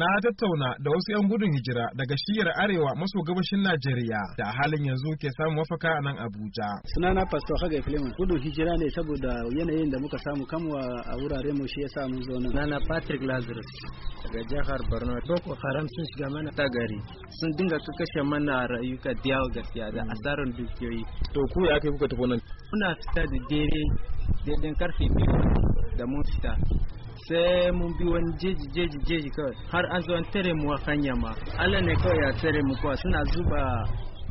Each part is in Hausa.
na tattauna da wasu 'yan gudun hijira daga shiyar arewa maso gabashin Najeriya da a halin yanzu ke samun mafaka a nan Abuja. Sunana Pastor Hagai filiman gudun hijira ne saboda yanayin da muka samu kamwa a wuraren mu shi ya sa mun zo na. Patrick Lazarus daga jihar Borno. Boko Haram sun shiga mana ta gari sun dinga kashe mana rayuka diyawa gaskiya da asarar dukiyoyi. To ku ya kai kuka tafi nan? Muna fita da dare daidai karfe biyu da mun fita. sai mun bi wani jeji jeji jeji kawai har an zo an tare mu a kan yamma Allah ne kawai ya tare mu kuwa suna zuba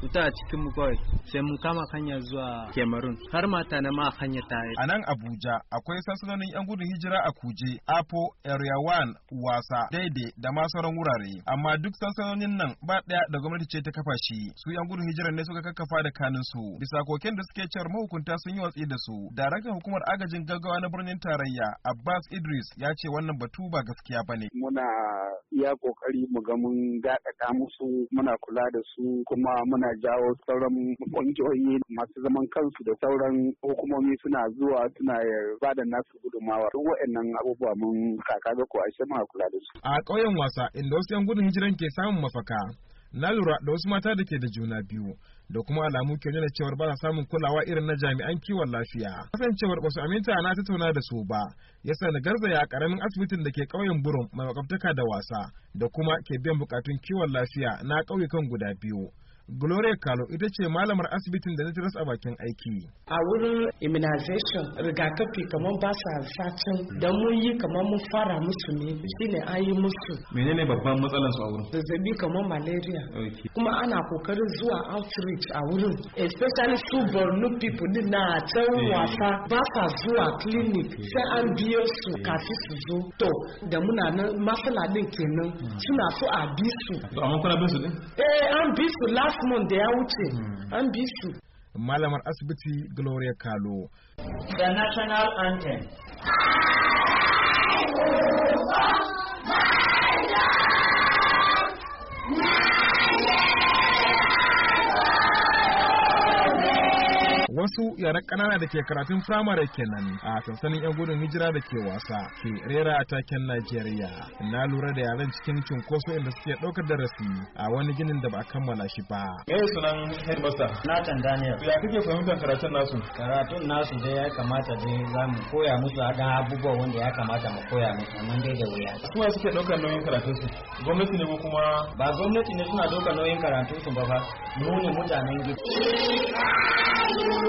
fita a cikin mu sai mun kama hanya zuwa Cameroon har mata na ma hanya ta yi. A nan Abuja akwai sansanonin 'yan gudun hijira a Kuje, Apo, Area 1, Wasa, Daidai da ma sauran wurare. Amma duk sansanonin nan ba ɗaya da gwamnati ce ta kafa shi. Su 'yan gudun hijira ne suka kakkafa da kanin su. Bisa koken da suke cewar mahukunta sun yi watsi da su. Daraktan hukumar agajin gaggawa na birnin tarayya Abbas Idris ya ce wannan batu ba gaskiya ba ne. Muna iya kokari mu ga mun gaɗaɗa musu muna kula da su kuma muna A jawo sauran kungiyoyi masu zaman kansu da sauran hukumomi suna zuwa suna ba da nasu gudunmawa duk waɗannan abubuwa mun kaka ga ko a shi kula da su. A ƙauyen wasa inda wasu 'yan gudun hijiran ke samun mafaka na lura da wasu mata da ke da juna biyu da kuma alamu ke nuna cewar ba samun kulawa irin na jami'an kiwon lafiya kasancewar basu aminta na tattauna da su ba yasa na garzaya a karamin asibitin da ke ƙauyen burum mai makwabtaka da wasa da kuma ke biyan bukatun kiwon lafiya na ƙauyukan guda biyu Gloria Kalo ita ce malamar asibitin da na a bakin aiki. A wurin immunization rigakafi kamar ba sa satin don mun yi kamar mun fara musu ne ne an yi musu. Menene babban matsalar su a wurin? Zazzabi kamar malaria. Kuma ana kokarin zuwa outreach a wurin. Especially su Borno people din na can eh. wasa ba sa zuwa clinic sai an biyo su kafin su zo. To da muna nan masala din kenan hmm. suna so a bi su. Amma kuna bi su ne? Eh an bi su last last da ya wuce hmm. an bi su malamar asibiti gloria kalo the national anthem wasu yaran ƙanana da ke karatun firamare kenan a sansanin 'yan gudun hijira da ke wasa ke rera a taken Najeriya. Na lura da yaran cikin cunkoso inda suke ɗaukar darasi a wani ginin da ba a kammala shi ba. Eh sunan headmaster. Nathan Daniel. Ya kake fahimtar karatun nasu? Karatun nasu dai ya kamata dai za mu koya musu haɗa abubuwa wanda ya kamata mu koya musu amma dai da wuya. Kuma suke ɗaukar nauyin karatun su? Gwamnati ne ko kuma? Ba gwamnati ne suna ɗaukar nauyin karatun su ba fa. Mu ne mutanen gida.